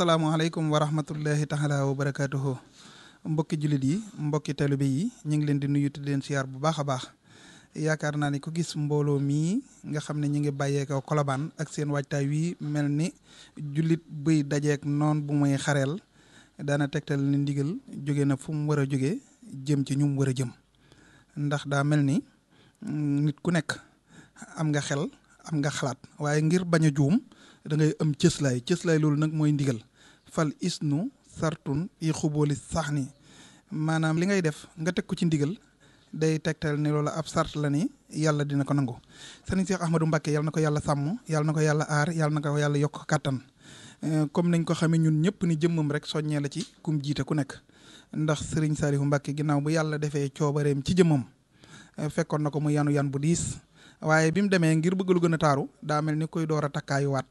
Assalamualaikum wa rahmatullahi taala wabarakatuh. barakaatuhu mbokki julit yi mbokki taalibe yi ñing leen di nuyu leen bu baaxa baax yaakaar naa ni ku gis mbooloo mii nga xam ne ñu ngi bàyyeekoo kolobaan ak seen waajtaay wi mel ni jullit buy dajeek noon bu muy xareel daana tegtal ni ndigal jóge na fu mu war a jóge jëm ci ñu mu war a jëm ndax daa mel ni mm, nit ku nekk am nga xel am nga xalaat waaye ngir bañ a juum da ngay am cëslaay cëslaay loolu nag mooy ndigal fal isnu sartun i xubooli sax ni maanaam li ngay def nga teg ko ci ndigal day tegtal ni loolu ab sart la ni yàlla dina ko nangu sëriñ Cheikh Ahmadou Mbacké yàlla na ko yàlla sàmm yàlla na ko yàlla aar yàlla na ko yàlla yokk kàttan euh, comme nañ ko xamee ñun ñëpp ni jëmmam rek soññee la ci kum jiite ku nekk ndax sëriñ Saliou Mbacké ginnaaw bu yàlla defee coobareem ci jëmmam euh, fekkoon na ko mu yanu yan bu diis waaye bi mu demee ngir bëgg lu gën a taaru daa mel ni koy door a takkaayuwaat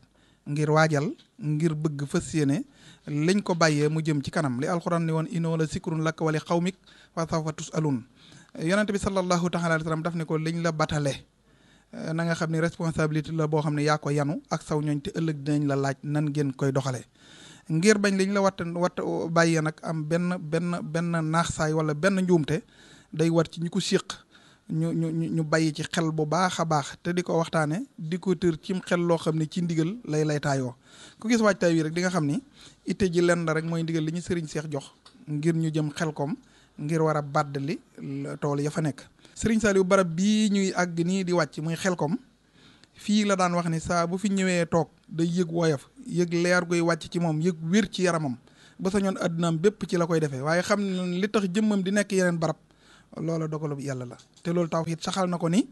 ngir waajal ngir bëgg fas yéene lañ ko bàyyee mu jëm ci kanam li alxuraan ni woon inoo la sikrun lakk wali xawmik fa sawfa tus alun yonent bi sallallahu taala alayhi wa sallam daf ne ko liñ la batale eh, nanga xam ni responsabilité la boo xam ne yaa ko yanu ak saw ñooñ te ëllëg dinañ la laaj nan ngeen koy doxalee ngir bañ liñ la watta watt bàyyee nag am benn benn benn naax wala benn njuumte day war ci ñi ko siq ñu ñu ñu bàyyi ci xel bu baax a baax te di ko waxtaane di ko tër cim xel loo xam ne ci ndigal lay lay taayoo ku gis waajtaay wi rek di nga xam ni itte ji lenn rek mooy ndigal li ñu sëriñ seex jox ngir ñu jëm xel kom ngir war a li tool ya fa nekk. Serigne Saliou barab bii ñuy àgg nii di wàcc muy xelkom fii la daan wax ni saa bu fi ñëwee toog day yëg woyof yëg leer guy wàcc ci moom yëg wér ci yaramam ba sa ñoon àddunaam bépp ci la koy defee waaye xam ne li tax jëmmam di nekk yeneen barab loola dogalub yàlla la te loolu taw it saxal na ko ni.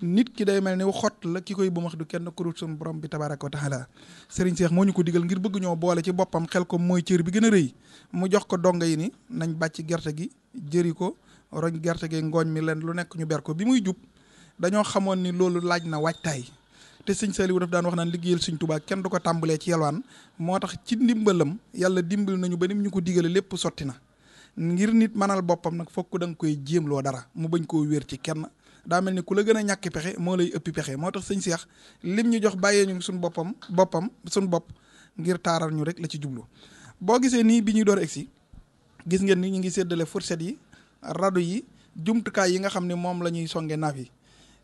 nit ki day melni ni xott la ki koy bumax du kenn ku dul sun borom bi tabaraka wa taala serigne cheikh moñu ko digal ngir bëgg ñoo boole ci bopam xel ko moy cër bi gëna reuy mu jox ko donga yi ni nañ bacc gerte gi jëri ko roñ gerte gi ngoñ mi leen lu nekk ñu ber ko bi muy jup dañoo xamoon ni loolu laaj na waajtaay te sëñ Saliou daf daan wax naan liggéeyal sëñ touba kenn du ko tàmbalee ci yelwaan motax ci ndimbalam yalla dimbal nañu ba nim ñu ko digale lépp na ngir nit manal bopam nak fokk dang koy jëm lo dara mu bañ ko wër ci kenn daa mel ni ku la gën a ñàkki pexe moo lay ëppi pexe moo tax sëñ lim ñu jox bàyyee ñu suñ boppam boppam suñ bopp ngir taaral ñu rek la ci jublu boo gisee nii bi ñuy door egsi gis ngeen ni ñu ngi séddale fourchette yi rado yi jumtukaay yi nga xam mom moom la ñuy songe naaf yi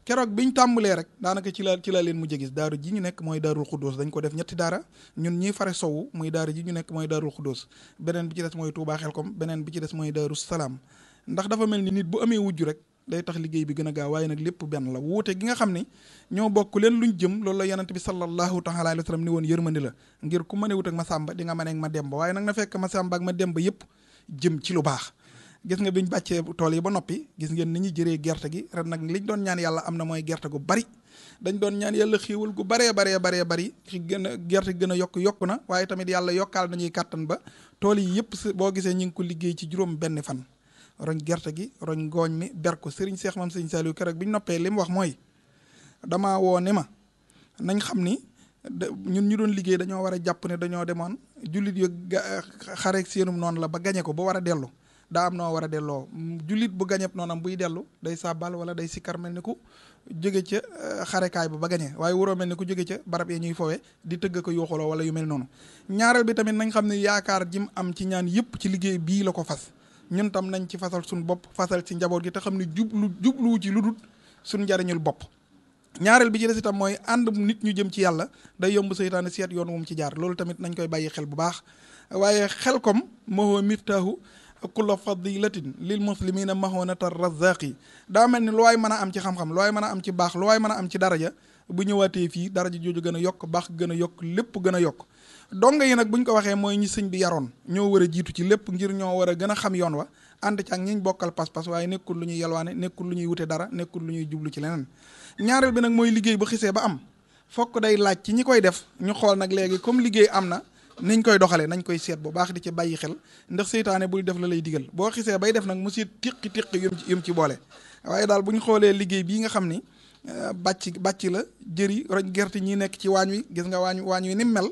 keroog biñ tàmbalee rek daanaka ci la ci la leen mujjee gis daaru ji ñu nekk mooy daarul xuddoos dañ ko def ñetti daara ñun ñuy fare sowu muy daaru ji ñu nekk mooy daarul xuddoos beneen bi ci des mooy Touba Xelkom beneen bi ci ndax dafa ni nit bu wujju rek day tax liggéey bi gën a gaaw waaye nag lépp benn la wuute gi nga xam ne ñoo bokk leen luñ jëm loolu la bi sallallahu taala alayhi wa ni woon yërmande la ngir ku wut ak ma samba di nga mëneeg ma demba waaye nag na fekk ma ak ma demba yépp jëm ci lu baax gis nga biñ bàccee tool yi ba noppi gis ngeen ni ñu jëree gerte gi ren nag liñ doon ñaan yàlla am na mooy gerte gu bari dañ doon ñaan yàlla xiiwal gu baree baree baree bari ci gën a gerte gi gën a yokk yokku na waaye tamit yàlla yokkaal nañuy kàttan ba tool yi yépp boo gisee ñu ngi ko liggéey ci juróom benn fan roñ gerte gi roñ ngooñ mi ber ko sëriñ seex mam sëriñ Saliou keroog bi ñu noppee li mu wax mooy dama woo ne ma nañ xam ni ñun ñu doon liggéey dañoo war a jàpp ne dañoo demoon jullit yu xareeg noonu la ba gañe ko ba war a dellu daa am noo war a delloo jullit bu gañeb noonam buy dellu day sàbbal wala day sikkar mel ni ku jóge ca eh, xarekaay ba ba gañe waaye waroo mel ni ku jóge ca barab yi ñuy fowe di tëgg ko yooxuloo wala yu mel noonu ñaareel bi tamit nañ xam ne yaakaar jim am ci ñaan yëpp ci liggéey bii la ko fas ñun tam nañ ci fasal suñu bopp fasal ci njaboot gi te xam ne jublu jubluwu ci lu dul suñu njariñul bopp ñaareel bi ci des itam mooy ànd nit ñu jëm ci yàlla day yomb seytaane seet yoon wu ci jaar loolu tamit nañ koy bàyyi xel bu baax waaye xel kom moo miftaahu kulla fadilatin lil muslimina mahonata razaqi daa mel ni lu waay mën a am ci xam-xam lu waay mën a am ci baax lu waay mën a am ci daraja bu ñëwaatee fii dara ji jooju gën a yokk baax gën a yokk lépp gën a yokk donga yi nag buñ ko waxee mooy ñi sëñ bi yaroon ñoo war a jiitu ci lépp ngir ñoo war a gën a xam yoon wa ànd ci ak ñiñ bokkal pas-pas waaye nekkul lu ñuy yalwaane nekkul lu ñuy wute dara nekkul lu ñuy jublu ci leneen ñaareel bi nag mooy liggéey bu xisee ba am fokk day laaj ci ñi koy def ñu xool nag léegi comme liggéey am na niñ koy doxalee nañ koy seet bu baax di ci bàyyi xel ndax seytaane buy def la lay digal boo xisee bay def nag mu siit tiqi tiqi yum ci boole waaye daal bu ñu xoolee bii nga xam ni Euh, bàcc bàcc la jëri roñ gerte ñi nekk ci waañ wi gis nga waañ waañ wi ni mel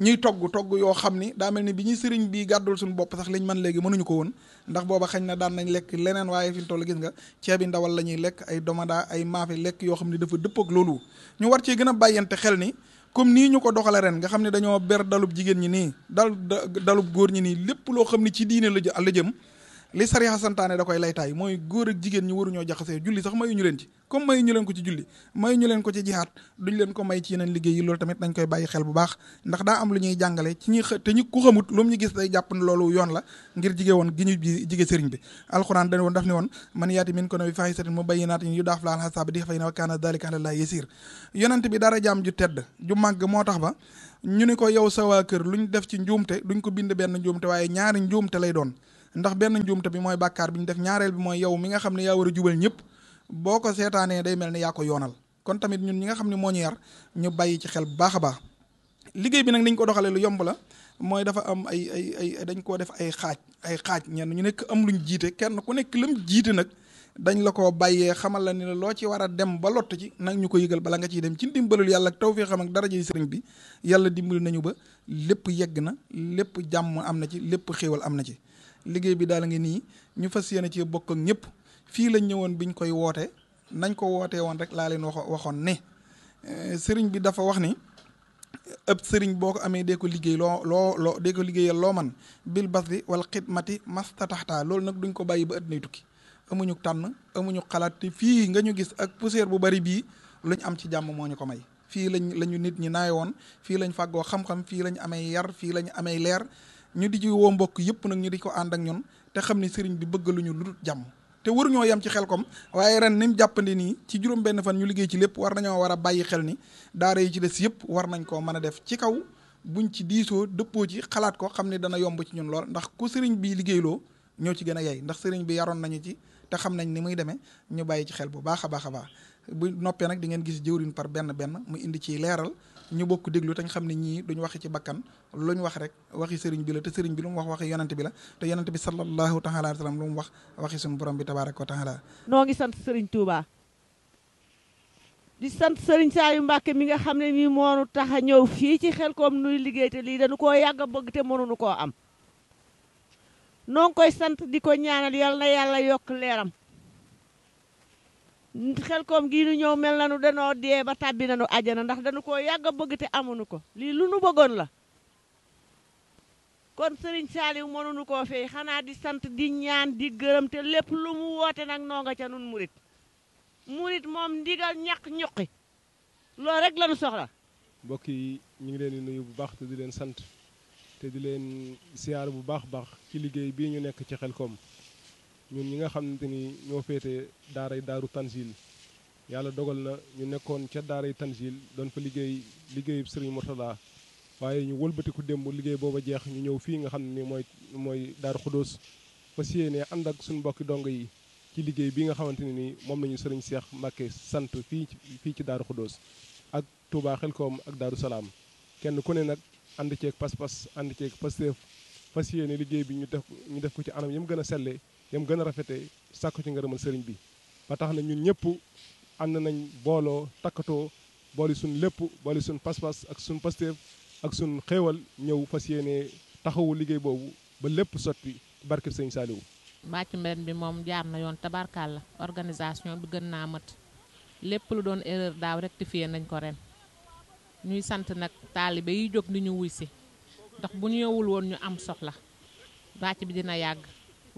ñuy togg togg yoo xam ni daa mel ni bi ñuy sëriñ bi gàddul suñu bopp sax liñ man léegi mënuñu ko woon ndax booba xañ na daan nañ lekk leneen waaye fi mu toll gis nga ceebi ndawal la ñuy lekk ay domandaa ay maafe lekk yoo xam ne dafa dëpp loolu ñu war cee gën a bàyyante xel ni comme nii ñu ko doxale ren nga xam ne dañoo ber dalub jigéen ñi nii dal dalub góor ñi nii lépp loo xam ne ci diine la la jëm li sariya santaane da koy laytaay mooy góor ak jigéen ñi waruñoo jaxasee julli sax mayu ñu leen ci comme mayu leen ko ci julli mayu ñu leen ko ci jihaat duñ leen ko may ci yeneen liggéey yi loolu tamit dañ koy bàyyi xel bu baax ndax daa am lu ñuy jàngale ci ñi te ñu ku xamut lu mu ñu gis day jàpp loolu yoon la ngir jige woon gi ñu jige sëriñ bi alxuraan dañ woon daf ne woon man yaati min ko na bi fahisatin mubayyinatin yu daaf la alxasaaba di fay na wa kaana dalika ala llahi yasir yonent bi moo tax ba ñu ni ko yow sa waa kër luñ def ci njuumte duñ ko bind benn njuumte waaye ñaari lay doon ndax benn njuumte bi mooy bàkkaar bi ñu def ñaareel bi mooy yow mi nga xam ne yaa war a jubal ñëpp boo ko seetaanee day mel ni yaa ko yoonal kon tamit ñun ñi nga xam ne moo ñu yar ñu bàyyi ci xel bu baax a baax liggéey bi nag niñ ko doxalee lu yomb la mooy dafa am ay ay dañ koo def ay xaaj ay xaaj ñenn ñu nekk am luñ jiite kenn ku nekk lam jiite nag dañ la ko bàyyee xamal la ni la loo ci war a dem ba lott ci nag ñu ko yëgal bala nga ciy dem ci dimbalul yàlla ak tawfeexam ak daraja yi sëriñ bi yàlla dimbali nañu ba lépp yegg na lépp jàmm am na ci lépp xéewal am na ci liggéey bi daal ngi nii ñu fas yéene ci bokk ak ñëpp fii lañ ñëwoon bi ñu koy woote nañ ko wootee woon rek laa leen wax waxoon ne eh, sëriñ bi dafa wax ni ëpp sëriñ boo ko amee dee ko liggéey loo loo loo dee liggéeyal loo man bil bas bi wala xidmati mastataxta loolu nag duñ ko bàyyi ba ëtt nay tukki amuñu tànn amuñu xalaat te fii nga ñu gis ak poussière bu bari bii luñ am ci jàmm moo ñu ko may fii lañ la nit ñi woon fii lañ fàggoo xam-xam fii lañ amee yar fii lañu amee leer ñu di ci woo mbokk yëpp nag ñu di ko ànd ak ñun te xam ni sëriñ bi bëgg lu ñu lu jàmm te ñoo yem ci xel kom waaye ren ni mu jàppandi nii ci juróom benn fan ñu liggéey ci lépp war nañoo war a bàyyi xel ni daara yi ci yëpp war nañ koo mën a def ci kaw buñ ci diisoo dëppoo ci xalaat ko xam ne dana yomb ci ñun lool ndax ku sëriñ bi liggéeyloo ñoo ci gën a yey ndax sëriñ bi yaroon nañu ci te xam nañ ni muy demee ñu bàyyi ci xel bu baax a baax a baax bu noppee nag di ngeen gis jëwriñ par benn benn mu indi ciy leeral ñu bokk déglu tañ xam ne ñii duñ wax ci bakkan lu wax rek waxi sëriñ bi la te sëriñ bi lu mu wax waxi yonante bi la te yonante bi sallallahu taala alayhi wa sallam lu mu wax waxi suñu borom bi tabaraka wa taala noo ngi sant sëriñ Touba di sant sëriñ Saliou Mbacke mi nga xam ne mii moonu tax a ñëw fii ci koom nuy liggéey te lii dañu koo yàgg a bëgg te mënuñu koo am noo koy sant di ko ñaanal yal na yàlla yokk leeram xel koom gii nu ñëw mel na nu danoo dee ba tàbbi nanu àjjana ndax dañu koo yàgg a bëgg te amuñu ko lii lu nu bëggoon la kon sëriñ Saaliw mënuñu koo fay xanaa di sant di ñaan di gërëm te lépp lu mu woote nag noo nga ca nun murit murit moom ndigal ñaq ñuqi loolu rek lañu soxla mbokk yi ñu ngi leen di nuyu bu baax te di leen sant te di leen siyaar bu baax baax ci liggéey bii ñu nekk ci xel koom ñun ñi nga xamante ni ñoo féete daaray daaru tanzil yàlla dogal na ñu nekkoon ca daaray tanzil doon fa liggéey liggéeyub sëriñ Murtada waaye ñu wëlbatiku démb liggéey booba jeex ñu ñëw fii nga xam ne mooy mooy daaru xudóos fas yéene ànd ak suñu mbokki dong yi ci liggéey bi nga xamante ne ni moom nañu sëriñ Seex Mbàkke sant fii fii ci daaru xudóos ak Touba Xelkom ak daaru salaam kenn ku ne nag ànd ceeg pas-pas ànd ceeg pasteef fas yéene liggéey bi ñu def ñu def ko ci anam yi mu gën a selle dem gën a rafetee sàkku ci ngërëmal sëriñ bi ba tax na ñun ñëpp ànd nañ booloo takkatoo booli suñ lépp booli suñ pas-pas ak suñ pasteef ak suñ xéewal ñëw fas yéene taxawu liggéey boobu ba lépp sotti barki sëriñ Saaliwu mbàcc mbenn bi moom jaar na yoon tabarkaal la organisation bi gën naa mat lépp lu doon erreur daaw rectifié nañ ko ren ñuy sant nag taalibe yi jóg ni ñu wuy si ndax bu ñu yowul woon ñu am soxla bàcc bi dina yàgg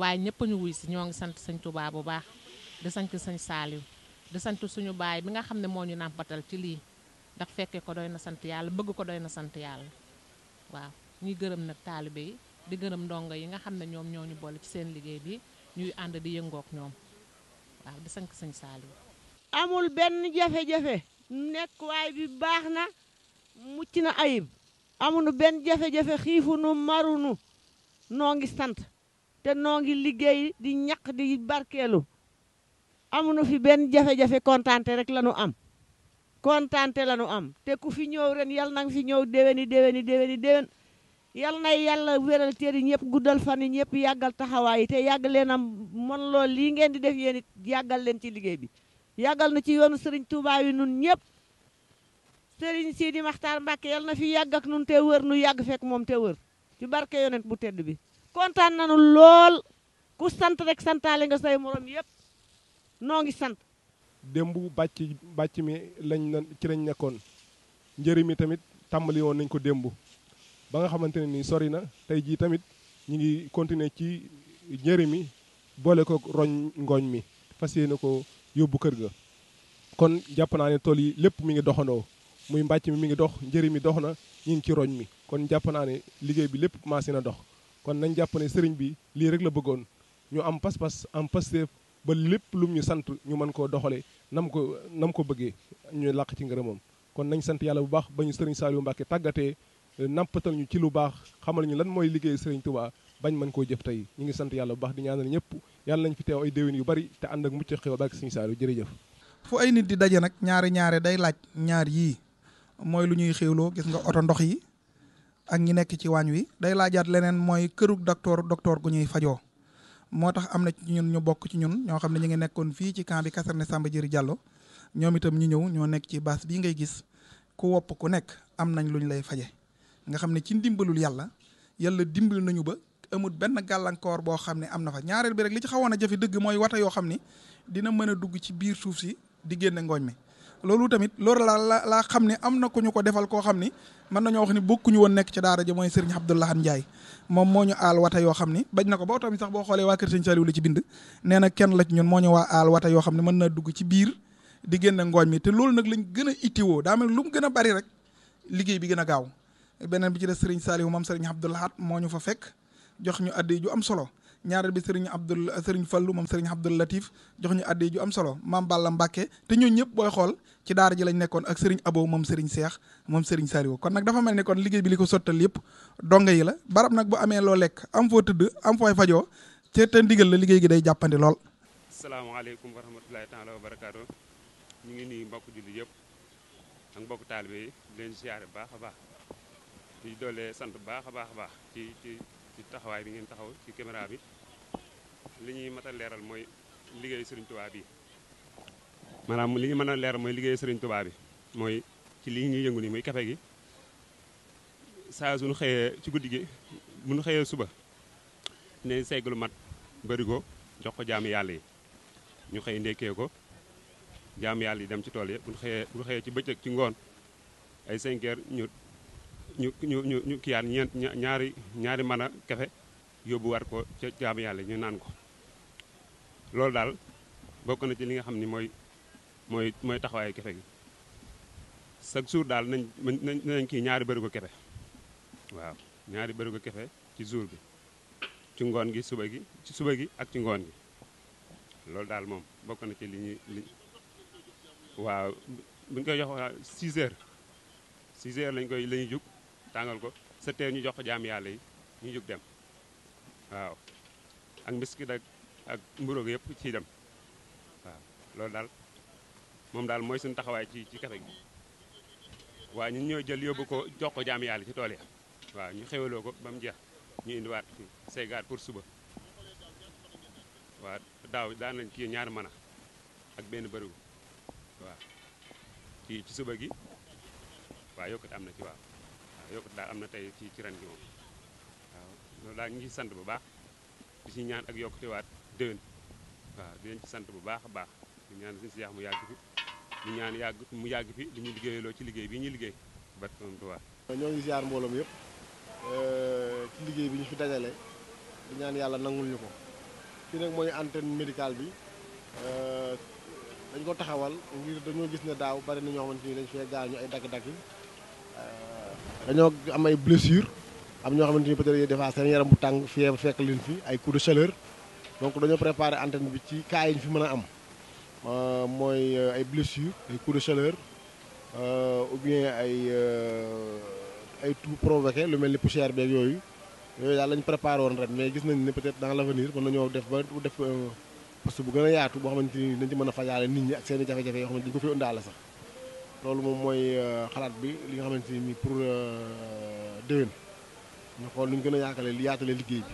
waaye ñëpp ñu wuy si ñoo ngi sant sëñ Touba bu baax di sant sañ Saaliw di sant suñu baay bi nga xam ne moo ñu nàmpatal ci lii ndax fekkee ko doy na sant yàlla bëgg ko doy na sant yàlla waaw ñuy gërëm nag taalibe yi di gërëm ndongo yi nga xam ne ñoom ñoo ñu boole ci seen liggéey bi ñuy ànd di yëngook ñoom waaw di sant sëñ Saaliw amul benn jafe-jafe nekk waay bi baax na mucc na ayib amunu benn jafe-jafe xiifunu marunu noo ngi sant te noo ngi liggéey di ñaq di barkeelu amuñu fi benn jafe-jafe kontaante rek la am kontaante la am te ku fi ñëw ren yal nang fi ñëw déwéni déwéni déwéni déwén yal na yàlla wéral teri ñëpp guddal fan yi ñëpp yàggal taxawaay te yàgg leen am mën lool lii ngeen di def yéen it yàggal leen ci liggéey bi yàggal na ci yoonu sëriñ Touba yi nun ñëpp sëriñ Sidi Maxtaar Mbàkke yal na fi yàgg ak nun te wër nu yàgg fekk moom te wër ci barke yonent bu tedd bi kontaan nañu lool ku sant rek santaale nga say morom yëpp noo ngi sant. démb bàcc bàcc mi lañ ci lañ nekkoon njëriñ mi tamit tàmbali woon nañ ko démb ba nga xamante ne nii sori na tey jii tamit ñu ngi continuer ci njëriñ mi boole ko roñ ngooñ mi fas yéene ko yóbbu kër ga. kon jàpp naa ne tool yi lépp mi ngi doxandoo muy mbàcc mi mi ngi dox njëriñ mi dox na ñu ngi ci roñ mi kon jàpp naa ne liggéey bi lépp commencé na dox. kon nañ jàpp ne sëriñ bi lii rek la bëggoon ñu am pas-pas am pasteef ba lépp lum ñu sant ñu mën koo doxale nam ko nam ko bëggee ñu làq ci ngërëmam kon nañ sant yàlla bu baax ba ñu sëriñ Saliou Mbacke tàggatee eh, nampatal ñu ci lu baax xamal ñu lan mooy liggéey sëriñ Touba bañ mën koo jëf tey ñu ngi sant yàlla bu baax di ñaanal ñëpp yàlla nañ fi teew ay déwén yu bari te ànd ak mucc xew barke sëriñ Saliou jërëjëf fu ay nit di daje nag ñaari ñaare day laaj ñaar yii mooy lu ñuy xéwloo gis nga oto ndox yi ak ñi nekk ci waañ wi day laajaat leneen mooy kërug docteur docteur gu ñuy fajoo moo tax am na ci ñun ñu bokk ci ñun ñoo xam ne ñu ngi nekkoon fii ci camp bi caserne Samba Diéry Diallo ñoom itam ñu ñëw ñoo nekk ci baas bii ngay gis ku wopp ku nekk am nañ lu ñu lay faje nga xam ne ci ndimbalul yàlla yàlla dimbal nañu ba amul benn gàllankoor boo xam ne am na fa ñaareel bi rek li ci xawoon a jafe dëgg mooy wata yoo xam ni dina mën a dugg ci biir suuf si di génne ngooñ mi loolu tamit loolu laa la laa xam ne am na ku ñu ko defal koo xam ni mën nañoo wax ni bokkuñu woon nekk ci daara ji mooy Serigne Abdoulaye Ndiaye moom moo ñu aal wata yoo xam ni bañ na ko ba tamit sax boo xoolee waa kër Serigne Saliou la ci bind kenn la ci moo ñu waa aal yoo xam mën naa dugg ci biir di génn ngooñ mi te loolu nag lañ gën a ittiwoo daa mel lu mu gën a bari rek liggéey bi gën a gaaw beneen bi ci des Serigne Saliou moom Serigne Abdoulaye moo ñu fa fekk jox ñu addi ju am solo ñaaral bi serigne Abdul serigne Fallu mom serigne Abdul Latif jox ñu adde ju am solo mam Balla mbacké té ñoo ñëpp boy xol ci daara ji lañ nekkon ak serigne Abo mom serigne cheikh mom serigne sariwo kon nak dafa melni kon liggéey bi liko sotal sottal donga yi la barab nak bu amé lo lek am fo tudd am fo fajoo té té ndigal la liggéey gi day jàppandi lool. alaykum wa rahmatullahi taala wa barakatuh ñu ngi ni mbokk julli yëpp ak mbokk talibé di len ziaré baaxa baax di doole sante baaxa baax baax ci ci ci taxawaay bi ngeen taxaw ci caméra bi li mata mat a leeral mooy liggéey sëriñ tubaa bi maanaam li ñu mën a leeral liggéey sëriñ tubaa bi mooy ci li yëngu nii muy kafe gi saa suñu xëyee ci guddi gi bu suba ne seeglu mat bëri go, jox ko jaamu yàlla yi ñu xëy ndekkee ko jaamu yàlla yi dem ci tool yi bu bu ci ci ngoon ay 5 ñu ñu ñu ñu ñu kiyaan ñeent ñaari ñaari mën a yóbbu yóbbuwaat ko ca jaamu yàlla ñu naan ko loolu daal bokk na ci li nga xam ni mooy mooy mooy taxawaayu kafe gi chaque jour daal nañ nañ nañ kii ñaari bërigo kafe waaw ñaari bërigo kafe ci jour bi ci ngoon gi suba gi ci suba gi ak ci ngoon gi loolu daal moom bokk na ci li ñuy li waaw bu ñu koy jox 6 heures lañ koy lañuy ñuy tàngal ko sa ñu jox ko jaam yàlla yi ñu jóg dem waaw ak mbiskit ak ak mburoog yëpp ciy dem waaw loolu daal moom daal mooy suñu taxawaay ci ci kafe gi waaw ñun ñoo jël yóbbu ko jox ko jaam yàlla ci tool yi waaw ñu xewaloo ko ba mu jeex ñu indiwaat fi Sénégal pour suba waaw daaw daan nañ kii ñaar mana ak benn bëriwu waaw kii ci suba gi waaw yokkute am na ci waaw yokkut daal am na ci ci ren gi moom waaw loolu daal ngi sant bu baax di ci ñaan ak yokkutewaat déwén waaw dinañ ci sant bu baax baax di ñaan suñu si mu yàgg fi di ñaan yàgg mu yàgg fi di ñu ci liggéey bi ñuy liggéey bat moom tuwaa ñoo ngi ziar mbooloom yëpp euh, ci liggéey bi ñu fi di ñaan nangul antenne médicale bi euh, dañ ko taxawal ngir gis ne bari na ñoo ay dañoo am ay blessure am ñoo xamante ni peut être des fois seen yaram bu tàng fièvre fekk leen fi ay coup de chaleur donc dañoo préparé antenne bi ci cas yi fi mën a am euh, mooy euh, ay blessure ay coup de chaleur euh, ou bien ay ay tout provoqué lu mel ni poussière beeg yooyu yooyu daal lañ préparé woon ren mais gis nañ ne peut être dans l' avenir mën nañoo def ba def poste bu gën a yaatu boo xamante ni dañ ci mën a fajaale nit ñi ak seen i jafe-jafe yoo xamante ni dañ ko fi ëndaale sax loolu moom mooy euh, xalaat bi li nga xamante ni pour euh, déwén ñu xool nuñ gën a yaakale li yaatale liggéey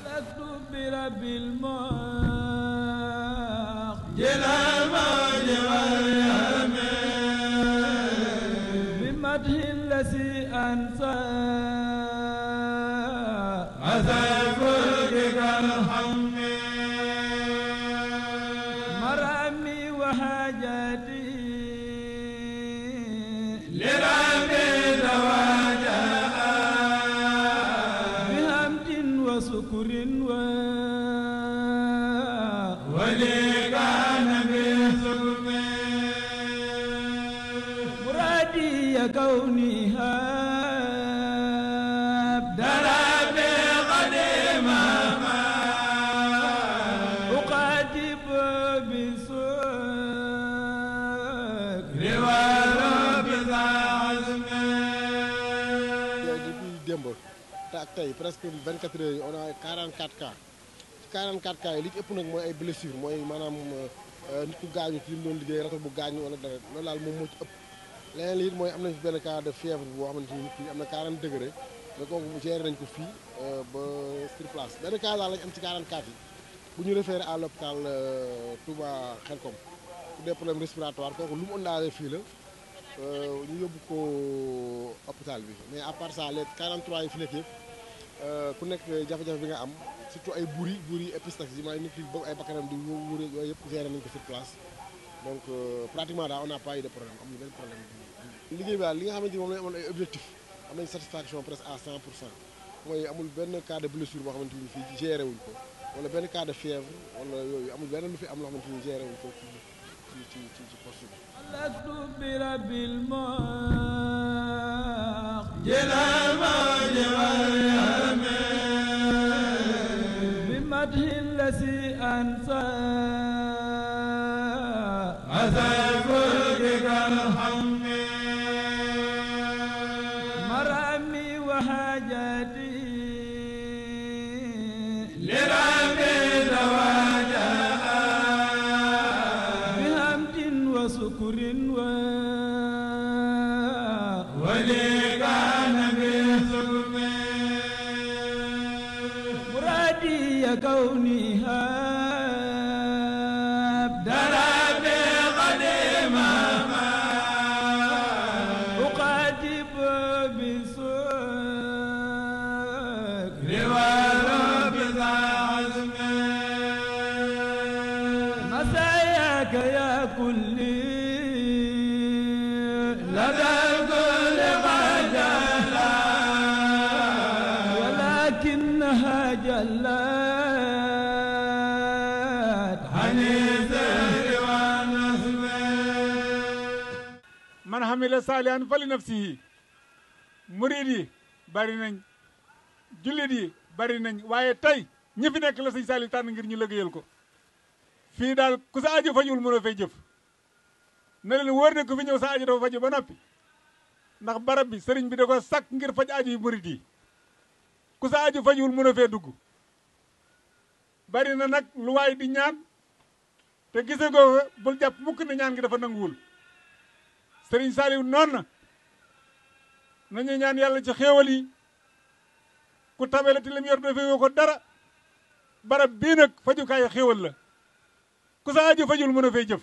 bi tay presque 24 heures on a 44 cas 44 cas li ci ëpp nak moy ay blessure moy manam euh, nit ku gañu ci li mu liggéey rato bu gañu wala dara loolu daal moom mo ci ëpp leneen li moy amna ci nañ cas de fièvre bo xamanteni nit ki amna na 40 degré ko bu géré nañ ko fi ba sur place benn cas daal lañ am ci 44 yi bu ñu référé à l'hôpital euh, Touba Xelkom des problèmes respiratoires koku lu mu ëndaale fi la euh, ñu yóbbu ko hôpital bi mais à part ça les 43 yi fi Euh, ku nekk jafe-jafe bi nga am surtout ay buri buri épistax yi maay nit ki boobu ay bakkanam di wóoree yooyu yëpp géré nañ ko sur place donc euh, pratiquement daal on n'a pas eu de problème am benn problème liggéey bi daal li nga xamante ni moom lañ amoon ay objectif am nañ satisfaction presque à 100 pour cent mooy amul benn cas de boo xamante ni fii géré wuñ ko wala benn cas de fièvre yooyu amul benn lu fi am loo xamante ni géré wuñ ko ci ci ci de permissão. amila salihan fali nafsi, murid yi bari nañ jullit yi bari nañ waye tay ñi fi nek la sëñ salih tan ngir ñu liggéeyal ko fi dal ku sa fajul mënoo fay jëf na leen wër ne fi ñew sa aji do faju ba nopi ndax barab bi serigne bi da ko sak ngir faj aji muridi. murid yi ku sa aajo fajul mënoo fay dugg bari na nak lu way di ñaan te gisee bul japp mukk ne ñaan gi dafa nangul sëriñ Saliou noon na nañu ñaan yàlla ci xéewal yi ku tabela ti lim yor defee ko dara barab bii nag fajukaayu xéewal la ku sa aju fajul mën a fay jëf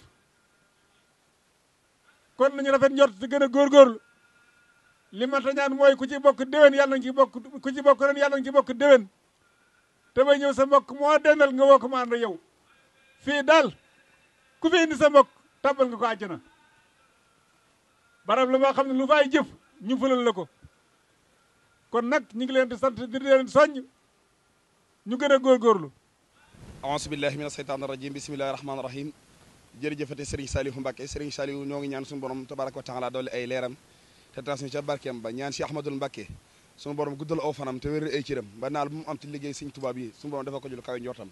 kon nañu rafet njort di gën a góorgóorlu li ñaan mooy ku ci bokk déwén yàlla nga ci bokk ku ci bokk ren yàlla nga ci bokk déwén te bay ñëw sa mbokk moo dendal nga woo ko ma ànd yow fii daal ku fi indi sa mbokk tàbbal nga ko àjjana barab lu ma xam ne lu fay jëf ñu fulal la ko kon nag ñu ngi leen di sant di leen soññ ñu gën a góorgóorlu aousu billahi mina sheytaani rajim bismillahi rahmaani rahim jërëjëfate sëriñ Saliou Mbacké sëriñ Saliou ñoo ngi ñaan suñu borom tabaraka wa taala doole ay leeram te tas ñu ca barkeem ba ñaan si Ahmadul Mbacké suñu borom guddal aw fanam te wér ay cëram ba naal bu mu am ci liggéey sëriñ Tuubaa bi suñu borom ko jul kawe njortam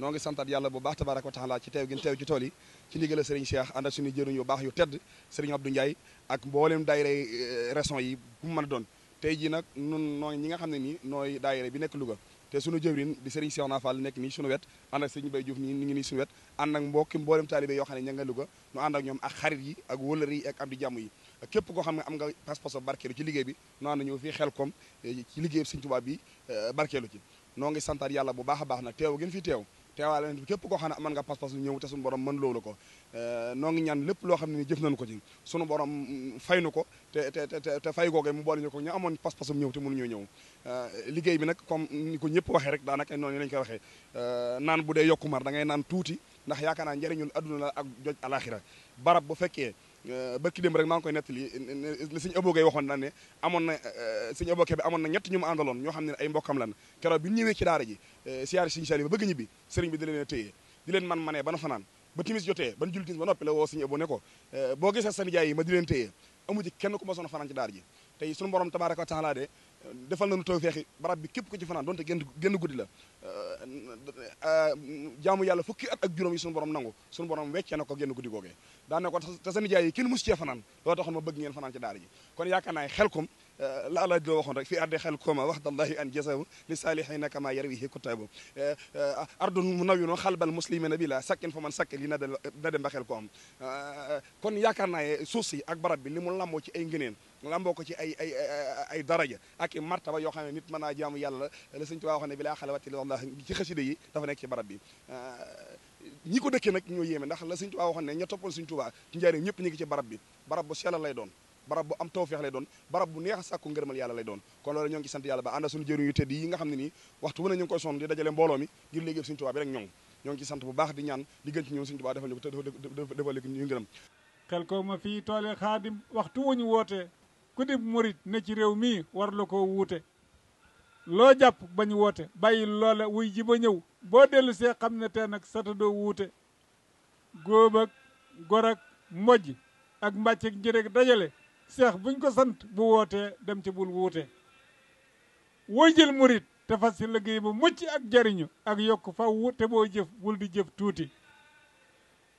noo ngi santaat yàlla bu baax tabaraka wa taala ci teew gi teew ci tool yi ci ndigal Serigne Cheikh ànd ak suñu jëriñ yu baax yu tedd Serigne Abdou Ndiaye ak mboolem daayira eh, raison yi bu mu doon tey jii nag nun noo ñi nga xam ne nii nooy daayira bi nekk Louga te sunu jëwrin di Serigne Cheikh Nafal nekk nii suñu wet ànd ak Serigne Baye Diouf nii ni ngi nii ànd ak mbokki mboolem taalibe yoo xam ne ña nga Louga nu ànd ak ñoom ak xarit yi ak wëlër yi ak am di jàmm yi képp koo xam ne am nga pas-pas barkeelu ci liggéey bi nu ànd fii xel kom eh, ci liggéey Serigne Touba bi eh, barkeelu ci noo ngi santaat yàlla bu baax a baax nag teew gën fi teew teewaale nañ képp koo xam ne aman nga pas-pas ñëw te suñu borom mën loolu ko eh, noo ngi ñaan lépp loo xam ne ni jëf nañ ko ci sunu borom mm, fay nu ko te te te te fay googe mu boole ñu ko ñu amoon pas-pasum ñëw te mënuñoo ñëw eh, liggéey bi nag comme ni ko ñëpp waxee rek daanaka noonu lañ koy waxe eh, naan bu dee yokku mar da ngay naan tuuti ndax yaakaar naa njëriñul adduna ak joj alaxira barab bu fekkee Euh, barki démb rek maa ngi koy nettali li suñu ëbogey waxoon na ne amoon na suñu ëbokee bi amoon na ñett ñu mu àndaloon ñoo xam ne ay mbokkam lan keroog bi ñu ñëwee ci daara ji euh, siyaar suñu sali ba bëgg ñibbi sëriñ bi di leen a man manee ba na fanaan ba timis jotee ban julli timis ba noppi woo suñu ëbo ne ko euh, boo gisee sa nijaay yi ma di leen téye kenn ku ma soon a fanaan ci daara ji tey sunu borom tabaaraka wa taala de defal nañu tawfeexi barab bi képp ku ci fanaan donte génn génn guddi la euh, euh, jaamu yàlla fukki at ak juróom yi sunu borom nangu sunu borom wecce na ko génn guddi googee daa ne ko te sa kenn mus cee fanaan loo taxoon ma bëgg ngeen fanaan ci daara ji kon yaakaar naa xelkom la alaaj loo waxoon rek fi ardi xel kooma waxdallahi an jasahu li saalihiina kama yarwihi kutaabu ardun munawwirun xalbal muslimina bi la sakkin fa man sakki li na da dem ba xel koom kon yaakaar naa suuf si ak barab bi li mu làmboo ci ay ngëneen lamboo ko ci ay ay ay daraja ak i martaba yoo xam ne nit mën naa jaamu yàlla la sëñ Tuubaa wax ne bi laa xalawati wallah ci xasida yi dafa nekk ci barab bi ñi ko dëkkee nag ñoo yéeme ndax la sëñ Tuubaa waxoon ne ña toppoon sëñ Tuubaa ci njaaree ñëpp ñu ngi ci barab bi barab bu sell lay doon barab bu am tawfeex lay doon barab bu neex a sàkku ngërëmal yàlla lay doon kon loolu ñoo ngi sant yàlla ba ànda suñu jëriñ yu tedd yi nga xam ne nii waxtu wu ne ñu ngi di dajale mbooloo mi ngir liggéey Sëriñ Tuubaa bi rek ñoŋ ñoo sant bu baax di ñaan diggante ñoom Sëriñ Tuubaa defal ñu ko te defal ñu ngërëm Xelcom fii toole xaadim waxtu wuñu wootee ku murit ne ci réew mii war la koo wuute loo jàpp bañ woote bàyyi loola wuy ji ba ñëw boo dellu see xam ne te nag satadoo wuute góob ak gor ak mbojj mbàcc ak njëreg dajale seex buñ ko sant bu wootee dem ca bul wuute wooy jël murit te fas ci liggéey bu mucc ak jariñu ak yokk fa te boo jëf bul jëf tuuti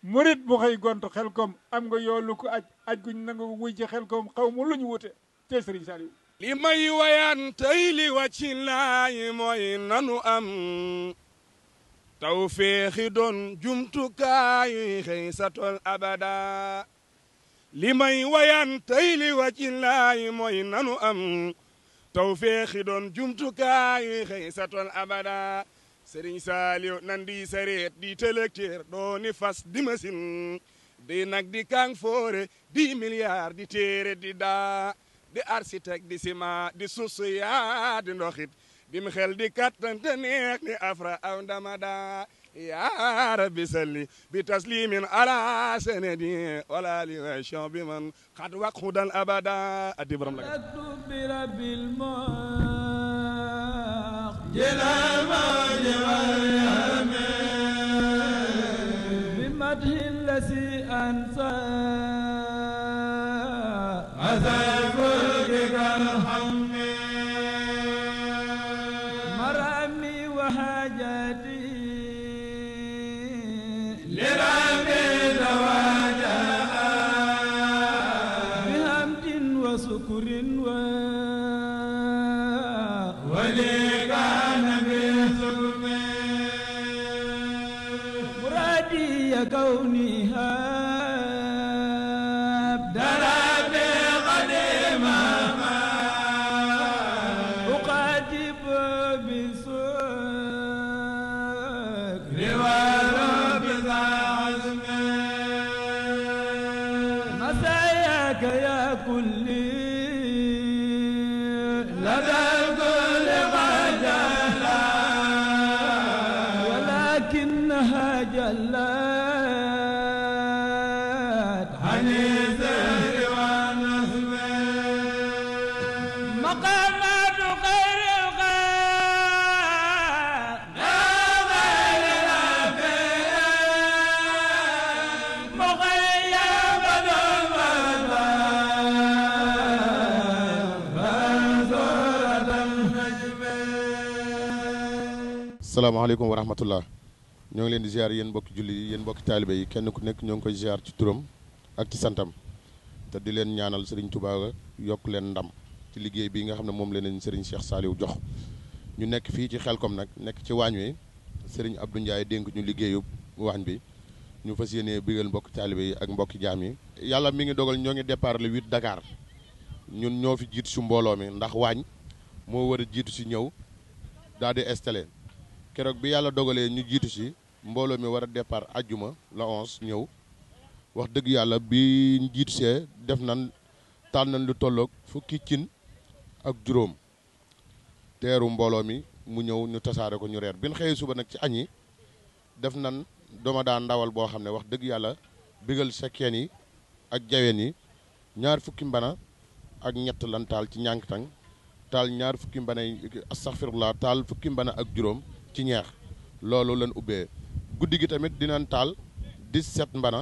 murit bu xëy gontu xel koom am nga yoolu ko aj aj guñ nanga wuy xel koom xaw mu luñ wuute tey sëriñ Saliou li may wayaan tey li wàcci laayi mooy nanu am taw feexi doon jumtukaayu xëy abada li may wayaan tey li wacillaayi nanu am tawféexi doon jumtukaayi xëy satol abada sëriñ nan di sareet di tëlëkteer dooni fas di masin di nag di kang foore di milliard di téere di daa di architecte di ciment di suuf di ndoxit dim xel di kattan te neex ni afra aw ndamada يا رب سلي بتسليم على سندي ولا لغشا بمن قد وقودا أبدا أدبرم لك أكتب برب الماء جلال ما asalaamaaleykum wa rahmatullah ñoo ngi leen di ziar yéen mbokki julli yi yéen mbokki taalibe yi kenn ku nekk ñoo ngi koy ziar ci turam ak ci santam te di leen ñaanal seriñ Touba yokk leen ndam ci liggéey bi nga xam ne moom leneen Serigne Cheikh Saliou jox ñu nekk fii ci xel Xelkom nag nekk ci waañ wi Serigne Abdou Ndiaye dénk ñu liggéeyu waañ bi ñu fas yéenee bigal mbokki taalibe yi ak mbokki jaam yi. yàlla mi ngi dogal ñoo ngi départ le 8 Dakar ñun ñoo fi jiitu si mbooloo mi ndax waañ moo war a jiitu si ñëw daal di installé keroog bi yàlla dogalee ñu jiitu si mbooloo mi war a départ ajjuma la onze ñëw wax dëgg yàlla bii ñu jiitu see def nan tànn nañ lu tolloog fukki cin ak juróom teeru mbooloo mi mu ñëw ñu tasaare ko ñu reer bi ñu xëyee suba nag ci añi def nan doma daa ndawal boo xam ne wax dëgg yàlla bigal sekkeen yi ak jaween yi ñaar fukki mbana ak ñett lan taal ci ñànktaŋ taal ñaar fukki mbana yi fukki mbana ak juróom ci ñeex loolu lañ ubbee guddi gi tamit dinañ taal set mbana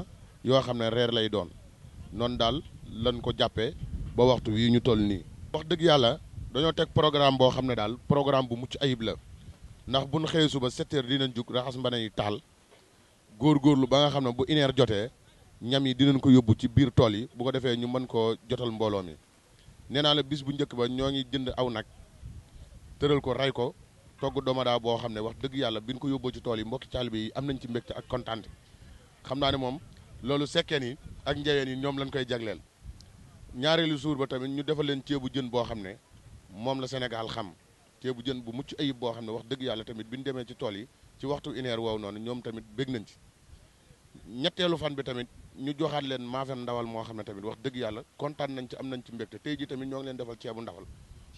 yoo xam ne reer lay doon noonu daal lañ ko jàppee ba waxtu wii ñu toll nii. wax dëgg yàlla dañoo teg programme boo xam ne daal programme bu mucc ayib la ndax bu ñu xëyee suba 7 heures dinañ jug raxas mbana yi taal góorgóorlu ba nga xam ne bu une jotee ñam yi dinañ ko yóbbu ci biir tool yi bu ko defee ñu mën koo jotal mbooloo mi nee naa la bis bu njëkk ba ñoo ngi jënd aw nag tëral ko rey ko. togg domadaa boo xam ne wax dëgg yàlla bi ñu ko yóbboo ci tool yi mbokki taalibe yi am nañ ci mbégte ak kontaan xam naa ne moom loolu sekkeen yi ak njaween yi ñoom lañ koy jagleel ñaareelu suur ba tamit ñu defal leen ceebu jën boo xam ne moom la Sénégal xam ceebu jën bu mucc ayib boo xam ne wax dëgg yàlla tamit bi ñu demee ci tool yi ci waxtu une heure woowu noonu ñoom tamit bég nañ ci ñetteelu fan bi tamit ñu joxaat leen maafe ndawal moo xam ne wax dëgg yàlla kontaan nañ ci am nañ ci mbégte tey tamit ñoo leen defal ceebu ndawal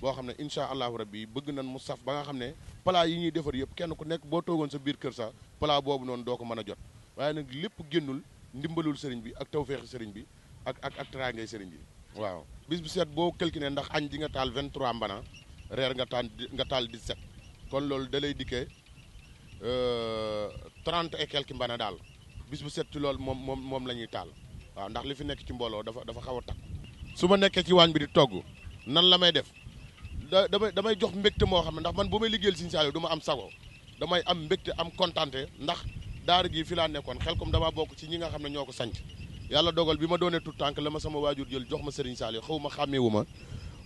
boo xam ne incha allahu rabbi bëgg nañ mu saf ba nga xam ne plat yi ñuy defar yëpp kenn ku nekk boo toogoon sa biir kër sax plat boobu noonu doo ko mën a jot waaye nag lépp génnul ndimbalul sëriñ bi ak tawféexi sëriñ bi ak ak ak teraangay sëriñ bi waaw bis bu seet boo calculé ndax añ di nga taal 23 mbana reer nga taal nga taal 17 kon loolu dalay lay dikkee 30 euh, et quelques mbana daal bis bu set ci loolu moom moom moom la ñuy taal waaw ndax li fi nekk ci mbooloo dafa dafa xaw a takk su ma nekkee ci waañ bi di togg nan la may def damay damay jox mbégte moo xam ne ndax man bu may liggéeyal Serigne Saliou du ma am sago damay am mbégte am kontante ndax daar jii fi laa nekkoon xel comme damaa bokk ci ñi nga xam ne ñoo ko sanc yàlla dogal bi ma doonee tout tànk la ma sama waajur jël jox ma Serigne Saliou xaw ma xàmmeewu ma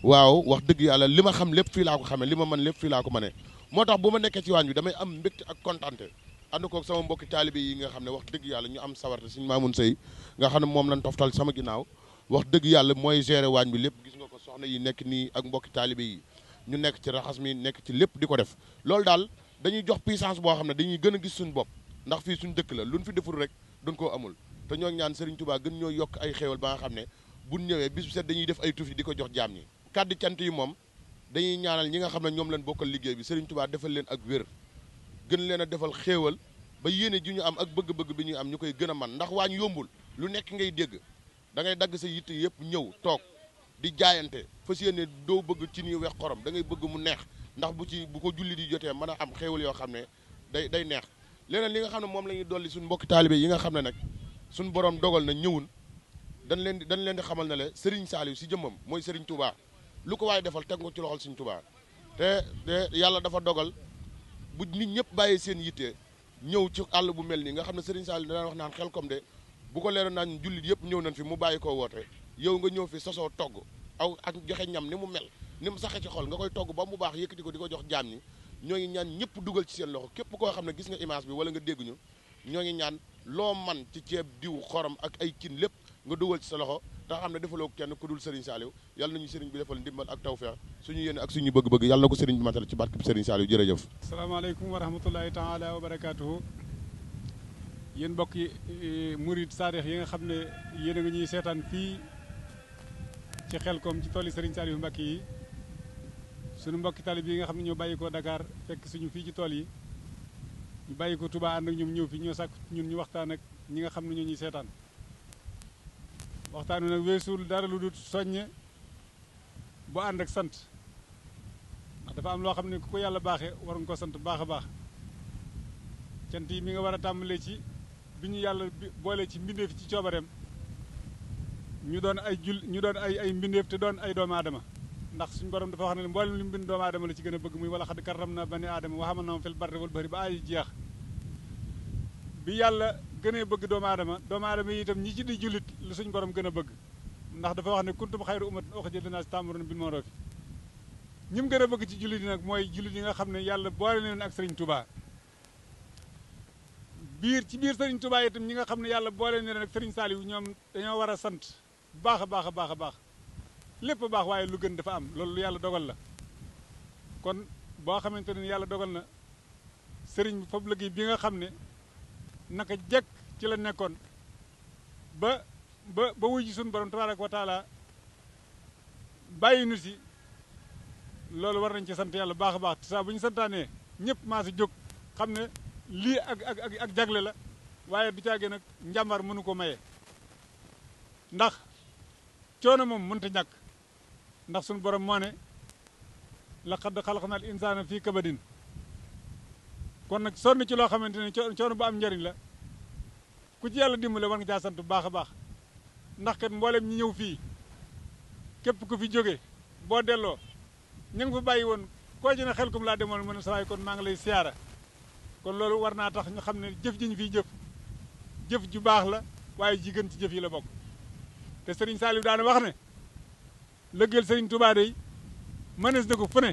waaw wax dëgg yàlla li ma xam lépp fii laa ko xam ne li ma man lépp fii laa ko mënee moo tax bu ma nekkee ci waañ bi damay am mbégte ak kontante ànd koog sama mbokki taalibe yi nga xam ne wax dëgg yàlla ñu am sawarte Serigne Mamoun Seye nga xam ne moom lañ toftal sama ginnaaw wax dëgg yàlla mooy gérer waañ bi lépp gis ko soxna yi nekk nii ak mbokki taalibe ñu nekk ci raxas mi nekk ci lépp di ko def loolu daal dañuy jox puissance boo xam ne dañuy gën a gis suñu bopp ndax fii suñu dëkk la lu luñ fi deful rek duñ koo amul te ñoo ñaan Serigne tubaa gën ñoo yokk ay xéewal ba nga xam ne buñ ñëwee bis bu dañuy def ay tuuf di ko jox jaam ñi kàddu cant yi moom dañuy ñaanal ñi nga xam ne ñoom leen bokkal liggéey bi Serigne Touba defal leen ak wér gën leen a defal xéewal ba yéene ji ñu am ak bëgg-bëgg bi ñuy am ñu koy gën a man ndax waañ yombul lu nekk ngay dégg da dagg sa yitte yëpp ñëw toog di jaayante fas yéene doo bëgg ci nii weex xorom da ngay bëgg mu neex ndax bu ci bu ko julli di jotee mën a am xéewal yoo xam ne day day neex leneen li nga xam ne moom lañuy dolli suñu mbokki taalibe yi nga xam ne nag suñu borom dogal na ñëwun dañ leen di dañ leen di xamal ne le Serigne Saliou si jëmmam mooy Serigne Touba lu ko waaye defal teg ko ci loxol Serigne Touba te yàlla dafa dogal bu nit ñëpp bàyyi seen yitte ñëw ci àll bu mel nii nga xam ne Serigne Saliou daan wax naan xel comme ko leeroon naan jullit yëpp ñëw nañ fi mu bàyyi koo woote yow nga ñëw fi sosoo togg aw ak joxe ñam ni mu mel ni mu saxe ci xol nga koy togg ba mu baax yëkkati ko di ko jox jaam ñi ñoo ngi ñaan ñëpp dugal ci seen loxo képp koo xam ne gis nga image bi wala nga dégguñu ñoo ngi ñaan loo man ci ceeb diw xorom ak ay cin lépp nga dugal ci sa loxo te xam ne defaloo kenn ku dul Serigne Saliou yàlla nañu Serigne bi defal ndimbal ak tawfeex suñu yéene ak suñu bëgg-bëgg yàlla na ko Serigne bi matal ci barke bi Serigne Saliou jërëjëf. salaamaaleykum wa rahmatulahi taala wa barakaatuhu yéen mbokk yi eh, murid saadix yi nga xam ne yéen a ñuy seetaan fii ci xel kom ci tooli Serigne Saliou mbakki yi sunu mbokki talib yi nga xamni ñoo bayiko ko Dakar fekk suñu fi ci tool yi ñu bayiko ko Touba ànd ak ñum ñew fi ñoo sak ñun ñu waxtaan ak ñi nga xamni ñoo ñi seetaan waxtaan nak wessul dara lu dut soññe bu and ak sante ndax dafa am lo xamni ne ku ko yàlla war nga ko sante baax baax mi nga wara tambalé ci bi yalla yàlla boole ci fi ci coobareem ñu doon ay jul ñu doon ay ay mbindeef te doon ay doomu aadama ndax suñu borom dafa wax ne mboolem li mu bind doomu aadama la ci gën a bëgg muy wala xad karram na bani aadama wa hamalnaahum fil barri wal bahri ba ay jeex bi yàlla gënee bëgg doomu aadama doomu aadama yi itam ñi ci di jullit lu suñu borom gën a bëgg ndax dafa wax ne kuntum xayru ummatin uxrijat linnaasi ta'muruna bil ma'rufi ñi mu gën a bëgg ci jullit yi nag mooy jullit yi nga xam ne yàlla boole leen ak sëriñ Touba biir ci biir sëriñ Touba itam ñi nga xam ne yàlla boole leen ak sëriñ Saliou ñoom dañoo war a sant bu baax a baax a baax a baax lépp a baax waaye lu gën dafa am loolu yàlla dogal la kon boo xamante ne yàlla dogal na sëriñ bi fab liggéey bi nga xam ne naka jekk ci la nekkoon ba ba ba wuy ji suñu borom tabaaraka wa taala bàyyi nu si loolu war nañ ci sant yàlla baax a baax te saa bu ñu santaanee ñëpp maa si jóg xam ne lii ak ak ak jagle la waaye du caagee nag njàmbaar mënu ko maye ndax coono moom mënta ñàkk ndax suñu borom moo ne laqad xalaqnal insaana fii kabadin kon nag sonn ci loo xamante ne coono bu am njariñ la ku ci yàlla dimbale war nga caa sant bu baax a baax ndax kat mboolem ñi ñëw fii képp ku fi jóge boo delloo ñu ngi bàyyi woon koo ci ne xel kum laa demoon mën a sawaay kon maa ngi lay siyaara kon loolu war naa tax ñu xam ne jëf ji ñu jëf jëf ju baax la waaye jigéen ci jëf yi la bokk te Serigne Saliou daana wax ne lëggeel Serigne Touba day mënees na ko fu ne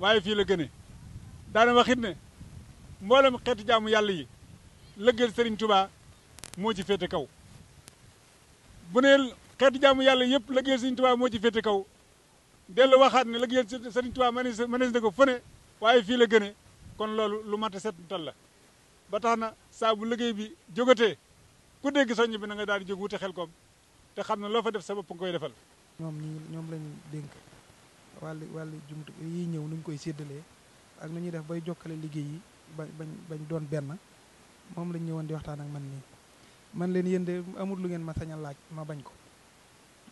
waaye fii la gënee daana wax it ne mboolem xeeti jaamu yàlla yi lëggeel Serigne Touba moo ci féete kaw bu ne xeeti jaamu yàlla yëpp lëggeel Serigne Touba moo ci féete kaw dellu waxaat ne lëggeel Serigne Touba mënees mënees na ko fu ne waaye fii la gënee kon loolu lu mat a setantal la ba tax na saa bu liggéey bi jógatee ku dégg soññ bi na nga daal di jóg wute xel koom te xam na loo fa def sa bopp nga koy defal. ñoom ñu ñoom lañu dénk wàlli wàlli jumt yi ñëw nu koy séddalee ak nu ñuy def bay jokkale liggéey yi bañ bañ doon benn moom lañ ñëwoon di waxtaan ak man nii man leen yéen de amul lu ngeen ma sañal laaj ma bañ ko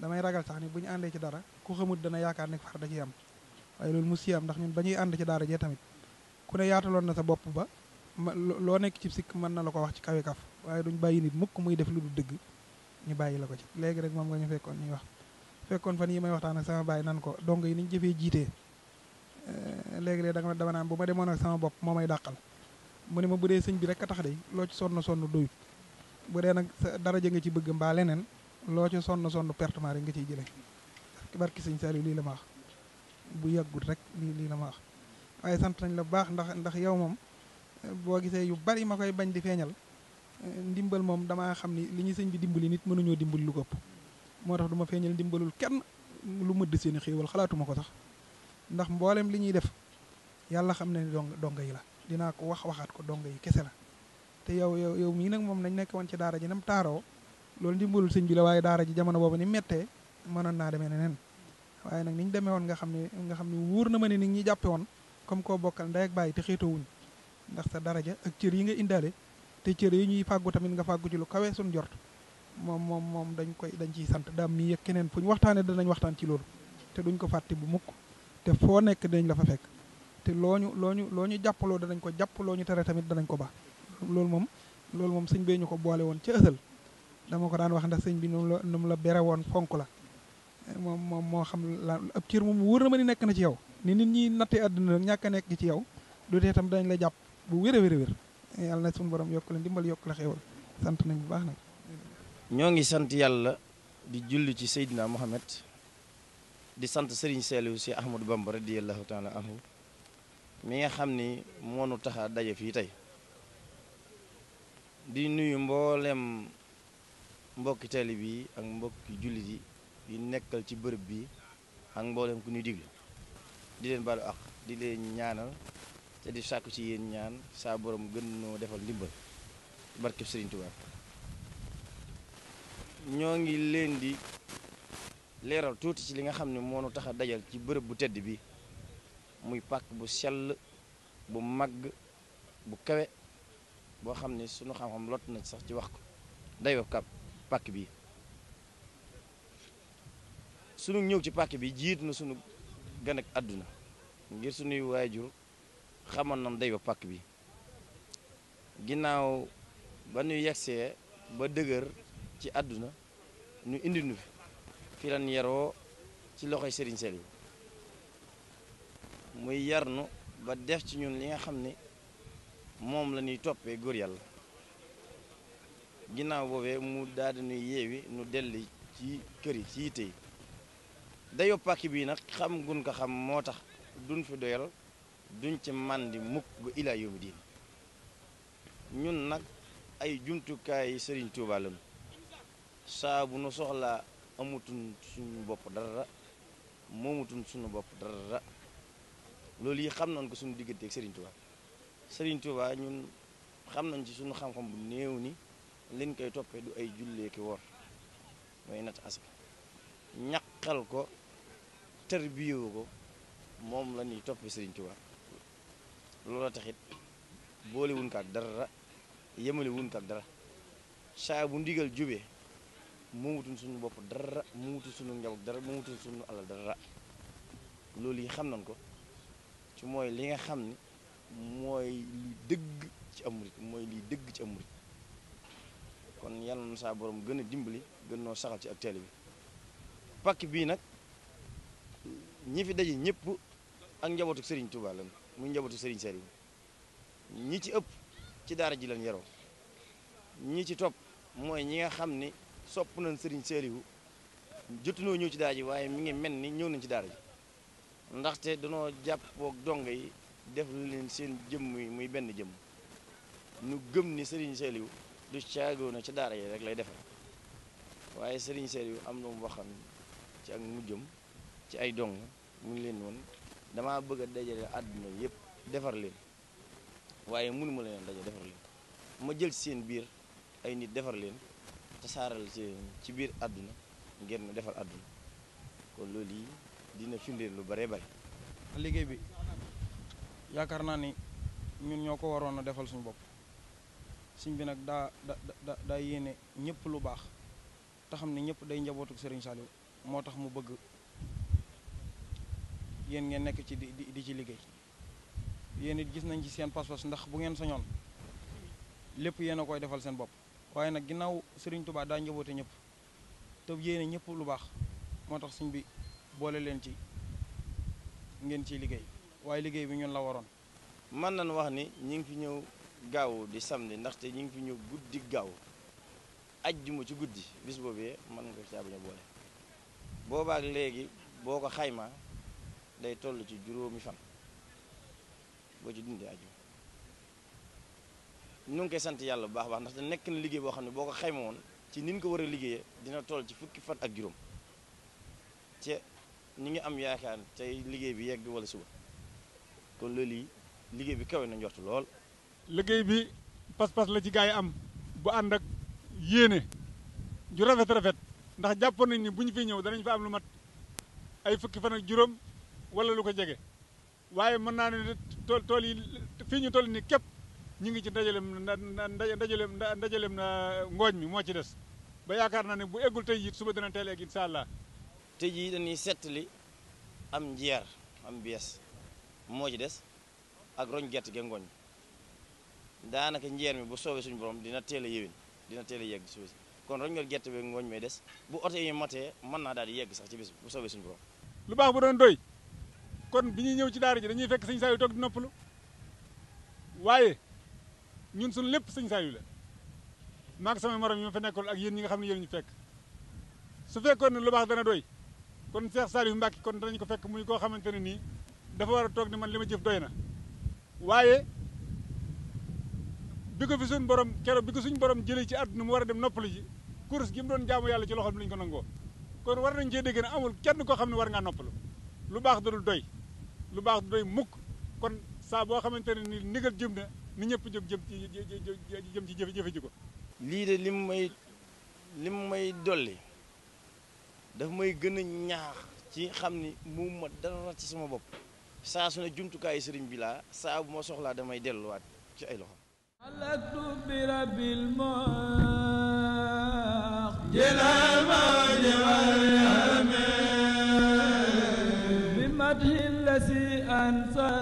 damay ragal sax ni bu ñu àndee ci dara ku xamut dana yaakaar ne far da ciy am waaye loolu mu si am ndax ñun ba ñuy ànd ci daara jee tamit ku ne yaataloon na sa bopp ba ma loo nekk ci sikk mën na la ko wax ci kawe kaf duñ bàyyi nit mukk muy def lu du dëgg ñu bayyi la ko ci légui rek mom nga ñu fekkon ñuy wax fekkon fan yi may waxtaan ak sama bay nan ko dong yi ni jëfé jité euh légui lé da nga dama naan buma ma demoon ak sama bopp momay may mu ne ma bu dé señ bi rek ka tax dé lo ci sonno sonno doyut bu dé nak dara daraja ci bëgg mba lénen lo ci sonno sonno pertement rek nga ciy jële barki señ Saliou li la ma wax bu yagut rek li li la ma wax ay sant nañ la bax ndax ndax yow mom eh, bo gisé yu bari ma bañ di feeñal ndimbal moom damaa xam ni li ñu sëñ bi dimbali nit mënuñoo dimbali lu kopp moo tax duma feeñal dimbalul kenn lu mëdd seen i xéewal xalaatuma ko sax ndax mboolem li ñuy def yàlla xam ne dong donga yi la dinaa ko wax waxaat ko donga yi kese la te yow yow yow mii nag moom nañ nekk woon ci daara ji nam wo loolu dimbalul sëñ bi la waaye daara ji jamono boobu ni mettee mënoon naa demee neneen waaye nag ni ñu demee woon nga xam ne nga xam ne wóor na ma ne ni ñi jàppe woon comme koo bokkal ndey ak te xéetowuñ ndax sa daraja ak cër yi nga indaale te cër yi ñuy fàggu tamit nga fàggu ci lu kawee suñ jort moom moom moom dañ koy dañ ciy sant daam mi yëg keneen fu ñu waxtaanee danañ waxtaan ci loolu te duñ ko fàtte bu mukk te foo nekk dinañ la fa fekk te loo ñu loo ñu loo ñu jàppaloo danañ ko jàpp ñu tere tamit danañ ko baax loolu moom loolu moom sëñ bee ñu ko boole woon ci dama ko daan wax ndax sëñ bi nu la nu la bere woon fonk la moom moom moo xam la ab cër moom wóor na ma ni nekk na ci yow ni nit ñi nattee àdduna ñàkk a nekk ci yow du tee tam danañ la jàpp bu wér wér wér yàlla suñu borom yokk la ndimbal yokk la xéewal sant nañ bu baax nag. ñoo ngi sant yàlla di julli ci Seydina Mohamed di sant Serigne Saliou si Ahmadou Bamba radiyallahu taala anhu mi nga xam ni moo nu tax daje fii tey di nuyu mboolem mbokki taalib yi ak mbokki jullit yi yu nekkal ci bërëb bi ak mboolem ku ñuy diglu di leen baalu ak di leen ñaanal. te di sakku ci yeen ñaan sa borom gën noo defal ndimbal barke Serigne Touba ñoo ngi leen di leeral tuuti ci li nga xam mo moonu taxa dajal ci bërëb bu tedd bi muy pak bu sel bu mag bu kawé bo xam suñu sunu xam-xam lot na sax ci wax ko kap pak bi sunu ñew ci pak bi jitt na sunu gën ak aduna ngir suñu wayjur xamoon na day ba pàkk bi ginnaaw ba ñu yegsee ba dëgër ci àdduna ñu indi nu fi fi lan yaroo ci loxoy sëriñ sel yi muy yarnu ba def ci ñun li nga xam ne moom la ñuy toppee góor yàlla ginnaaw boobee mu daal di nuy yeewi nu dell ci kër yi ci yitte yi dayoo pàkk bii nag xam gun ko xam moo tax duñ fi doyal duñ ci màndi mukk ba ilaa yawmi diin ñun nag ay jumtukaay yi Sëriñ Tuubaa lañu saa bu nu soxlaa amutun suñu bopp dara moomutun sunu bopp dara loolu yi xam nañ ko suñu diggante ak Sëriñ Tuubaa Sëriñ Tuubaa ñun xam nañ ci suñu xam-xam bu néew ni liñ koy toppee du ay jullee ki wor mooy nat asaka ñaqal ko tërbiyewu ko moom la ñuy toppee Sëriñ Tuubaa looloo taxit boole wuñ ko ak dara yemale wuñ ko ak dara saa bu ndigal jubee moomutuñ suñu bopp dara moomutuñ sunu njaboot dara moomutuñ suñu alal dara loolu yi xam nañ ko ci mooy li nga xam ni mooy li dëgg ci am murit mooy liy dëgg ci am murit kon yàlla na saa borom gën a dimbali gën noo saxal ci ak teel bi pàkk bii nag ñi fi daje ñëpp ak njabootu sëriñ Touba lañ muy njabootu Serigne Saliou ñi ci ëpp ci daara ji lañ yaroo ñi ci topp mooy ñi nga xam ni sopp nañ Serigne Saliou jotunoo ñëw ci daara ji waaye mi ngi mel ni ñëw nañ ci daara ji ndaxte danoo jàppoog dong yi def lu leen seen jëm muy benn jëm ñu gëm ni sëriñ Saliou du caagoo na ci daara yi rek lay defar waaye Serigne Saliou am na mu waxam ci ak jëm ci ay dong mu ngi leen woon dama bëgg a dajale àdduna yépp defar leen waaye mënuma leen daje defar leen ma jël seen biir ay nit defar leen tasaaral seen ci biir aduna ngir ma defar aduna kon loolu yi dina firndeel lu bare bare liggéey bi yaakaar naa ni ñun ñoo ko waroon a defal suñu bopp suñ bi nag daa da da daa yéene ñëpp lu baax te xam ne ñëpp day njabootuk Serigne Saliou moo tax mu bëgg yéen ngeen nekk ci di di ci liggéey yéen it gis nañ ci seen pas-pas ndax bu ngeen sañoon lépp yéen a koy defal seen bopp waaye nag ginnaaw Serigne Touba daa njaboote ñëpp te yéene ñëpp lu baax moo tax suñ bi boole leen ci ngeen ciy liggéey waaye liggéey bi ñun la waroon. mën nañ wax ni ñi ngi fi ñëw gaaw di samedi ndaxte ñi ngi fi ñëw guddi gaaw ajjuma ci guddi bis boobee mën nga caa bañ a boole boobaak léegi boo ko xaymaa. day toll ci juróomi fan boo ci dundee aju ñu koy sant yàlla bu baax baax ndax te nekk na liggéey boo xam ne boo ko xayma woon ci nin ko war a liggéeyee dina toll ci fukki fan ak juróom te ñi ngi am yaakaar tey liggéey bi bi wala suba kon loolu yi liggéey bi kawe na njort lool. liggéey bi pas-pas la ci gaa yi am bu ànd ak yéene ju rafet rafet ndax jàppoon nañ ni bu ñu fi ñëw danañ fa am lu mat ay fukki fan ak juróom. wala lu ko jege waaye mën naa ne tool tool yi fii ñu toll ni képp ñu ngi ci ndajalem ndajalem na ngooñ mi moo ci des ba yaakaar naa ne bu eggul tey jii suba dina teel a egg incha allah. tey jii dañuy settali am njeer am bees moo ci des ak roñ gerte ge ngooñ daanaka njeer mi bu soobee suñ borom dina teel a dina teel yegg suuf si kon roñ gerte be ngooñ may des bu oto yi matee mën naa daal yegg sax ci bés bu soobee suñ borom. lu baax bu doon doy. kon biñu ñuy ñëw ci daara ji dañuy fekk seigne Saliou tok di noppalu waye ñun suñ lepp seigne Saliou la mak sama morom yi fa nekkul ak yeen ñi nga xamni yeen ñu fekk su fekkone ne lu bax dana doy kon Cheikh salif mbacke kon dañ ko fekk muy ko xamanteni ni dafa war tok ni man lima jëf doy na biko bi fi suñ borom kéro bi ko suñ borom jëlee ci àdduna mu war dem noppalu ji course gi mu doon jaamu yalla ci loxoom lañ ko nango kon war nañ jé dégg amul kenn ko xamni war nga noppalu lu bax dul doy lu baax du doy mukk kon saa boo xamante ni ndigal jëm na ni ñëpp jëm jëm ci jëm ci jëfe-jëfe ji ko lii de lim may lim may dolli daf may gën a ñaax ci xam ni mu ma dara ci sama bopp saa su ne jumtukaayu sëriñ bi laa saa bu ma soxlaa damay delluwaat ci ay loxo halaktu bi rabbil maq jëlal ma jëwal amee المدح الذي أنسى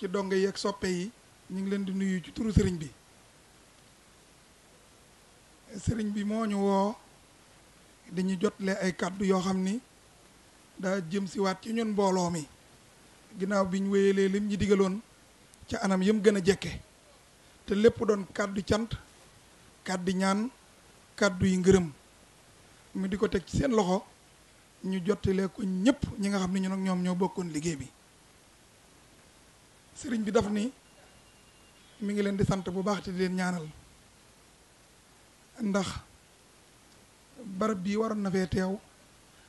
mbokki dongé yi ak soppe yi ñing leen di nuyu ci turu sëriñ bi sëriñ bi mo ñu wo dañu jotle ay kàddu yo xamni da jëm ci waat ci ñun mbolo mi ginaaw biñ ñu lim ñi digëlon ci anam yëm gëna a té te lépp doon kàddu ciant kàddu ñaan kàddu yi ngërëm mi diko tek ci seen loxo ñu jottalee ko ñëpp ñi nga xamni ñun ak ñom ñoo bokkon liggéey bi sëriñ bi daf ni mu ngi leen di sant bu baax te di leen ñaanal ndax barab bii waroon na fee teew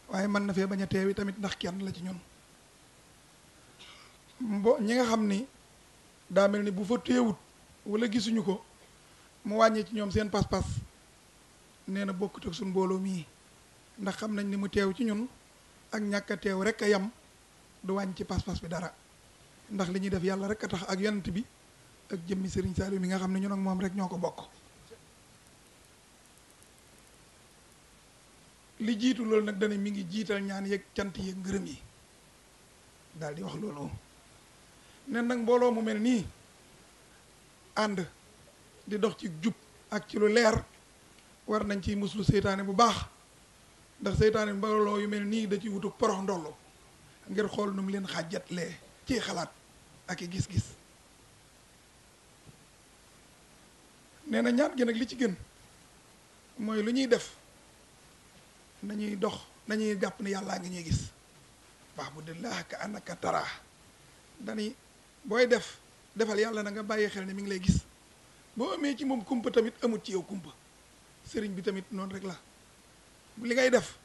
waaye mën na fee bañ a teew yi tamit ndax kenn la ci ñun mbo ñi nga xam ni daa mel ni bu fa teewut wala gisuñu ko mu wàññee ci ñoom seen pas-pas nee na bokkut ak suñ mbooloo mii ndax xam nañ ni mu teew ci ñun ak ñàkk teew rek a yam du wàññi ci pas-pas bi dara ndax li ñuy def yalla rek tibi tax ak yonent bi ak jëmmi Serigne Saliou mi nga xamne ñun ak mom rek ñoko bok li jitu lol nak dana mi ngi jital ñaan yek cant yek ngërëm yi dal di wax loolu ne nak mbolo mu mel ni and di dox ci jup ak ci lu leer war nañ ci muslu setané bu baax ndax setané mbolo yu mel ni da ci wutu porox ndolo ngir xol num leen xajjat le ci xalaat ak gis-gis neena na ñaan gi nak li ci gën moy lu ñuy def nañuy dox nañuy japp ni yalla nga ñuy gis wa abdullah ka annaka tara dani boy def defal yalla nga baye xel ni mi ngi lay gis bo amé ci mom kumpa tamit amut ci yow kumpa serigne bi tamit non rek la li ngay def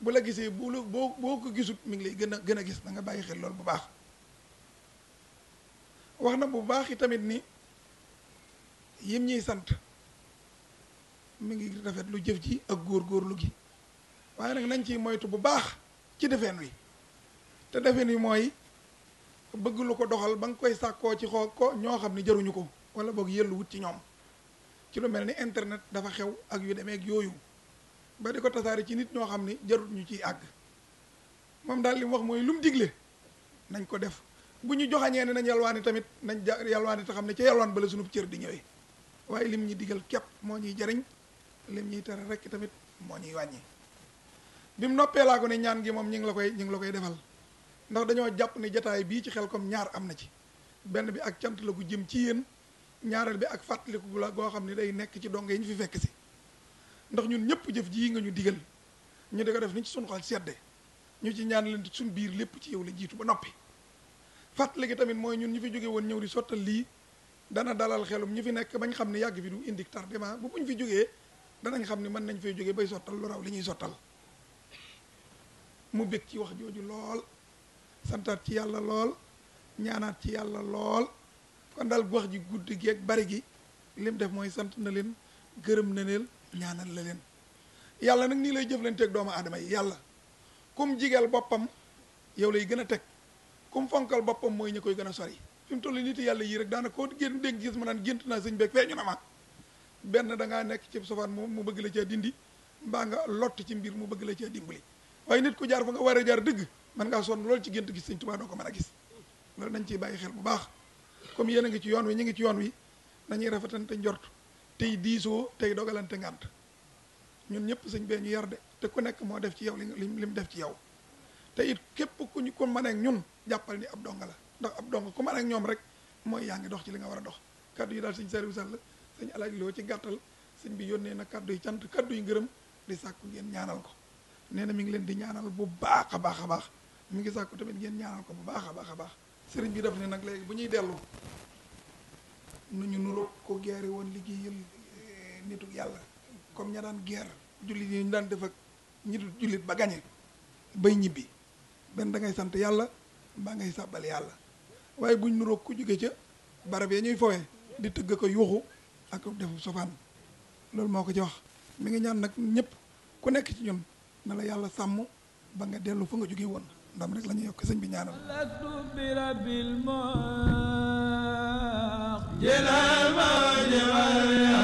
bu la gisee bu boko ko gisut mi ngi lay gëna gëna gis nga baye xel lool bu baax wax na bu baax i tamit ni yim ñuy sant mu ngi rafet lu jëf ji ak góor góorlu gi waaye nag nañ ciy moytu bu baax ci defeen wi te defeen wi mooy bëgg lu ko doxal ba nga koy sàkkoo ci xoo ko ñoo xam ne jaruñu ko wala boog yëllu ci ñoom ci lu mel ni internet dafa xew ak yu demee yooyu ba di ko tasaare ci nit ñoo xam ni jaruñu ñu ciy àgg moom daal di mu wax mooy lu mu digle nañ ko def bu ñu joxañee ne nañ yalwaani tamit nañ yalwaani te xam ne ca yalwaan bala sunub cër di ñëwee waaye lim ñi digal képp moo ñuy jariñ lim ñuy tere rekk tamit moo ñuy wàññi bi mu noppee laa ko ne ñaan gi moom ñu ngi la koy ñi ngi la koy defal ndax dañoo jàpp ne jataay bii ci xel comme ñaar am na ci benn bi ak cant la gu jëm ci yéen ñaareel bi ak fàttaliku bu la goo xam ne day nekk ci donge yi ñu fi fekk si ndax ñun ñëpp jëf ji nga ñu digal ñu di ko def ni ci suñu xol sedde ñu ci ñaan leen suñ biir lépp ci yow la jiitu ba noppi fàttali gi tamit moy ñun ñi fi joggé won ñew di sotal li dana dalal xelum ñi fi nek bañ xamni ne yàgg fi du indi tardement bu buñ fi joggé dana nga ne man nañ fay joggé bay sotal lu raw li ñuy sotal mu bekk ci wax joju lool santat ci yalla lool ñaanat ci yalla lool kon dal wax ji gudd gi ak bari gi lim def moy sant na len gërëm na len ñaanal la len yalla nak ni lay jëflanteeg doomu aadama kum jigel bopam yow lay gëna tek ku mu fonkal boppam mooy ñi koy gën a sor fi mu toll nit yàlla yii rek daanaka koo dégg gis ma naan gént naa sëñ beeg feeñu na ma benn da ngaa nekk ci sofaan moom mu bëgg la caa dindi mbaa nga lott ci mbir mu bëgg la caa dimbali waaye nit ku jaar fa nga war a jaar dëgg mën ngaa sonn loolu ci gént gis sëñ Tuubaa doo ko mën a gis loolu nañ ciy bàyyi xel bu baax comme yéen a ngi ci yoon wi ñu ngi ci yoon wi nañuy rafetante njort tey diisoo tey dogalante ngànt ñun ñëpp sëñ bee ñu yar de te ku nekk moo def ci yow li li mu def ci yow te it kep ku ñu ko mané ñun jappal ni ab dong la ndax ab dong ku mané ak ñoom rek moy yaangi dox ci li nga war dox kaddu yi dal señ serigne Sall señ Alaaji Lo ci gattal señ bi yonne na kaddu yi cant kaddu yi ngeureum di sakku ngeen ñaanal ko neena na mi ngi leen di ñaanal bu baaxa baaxa baax mi ngi sakku tamit ngeen ñaanal ko bu baaxa baaxa baax señ bi daf ne nak legi bu ñuy delu nu ñu ko geeri won liggéeyal eh, nitu yalla comme ñaan guerre julit ñu daan def ak ñi julit ba gagner bay ñibbi benn da ngay sant yàlla mbaa ngay sàbbal yàlla waaye buñ nu ku jóge ca barab ya ñuy fowee di tëgg ko yuuxu ak defu sofaan loolu moo ko ci wax mi ngi ñaan nag ñëpp ku nekk ci ñun na la yàlla sàmm ba nga dellu fa nga jógee woon ndam rek la ñuy yokk sëñ bi ñaanal bi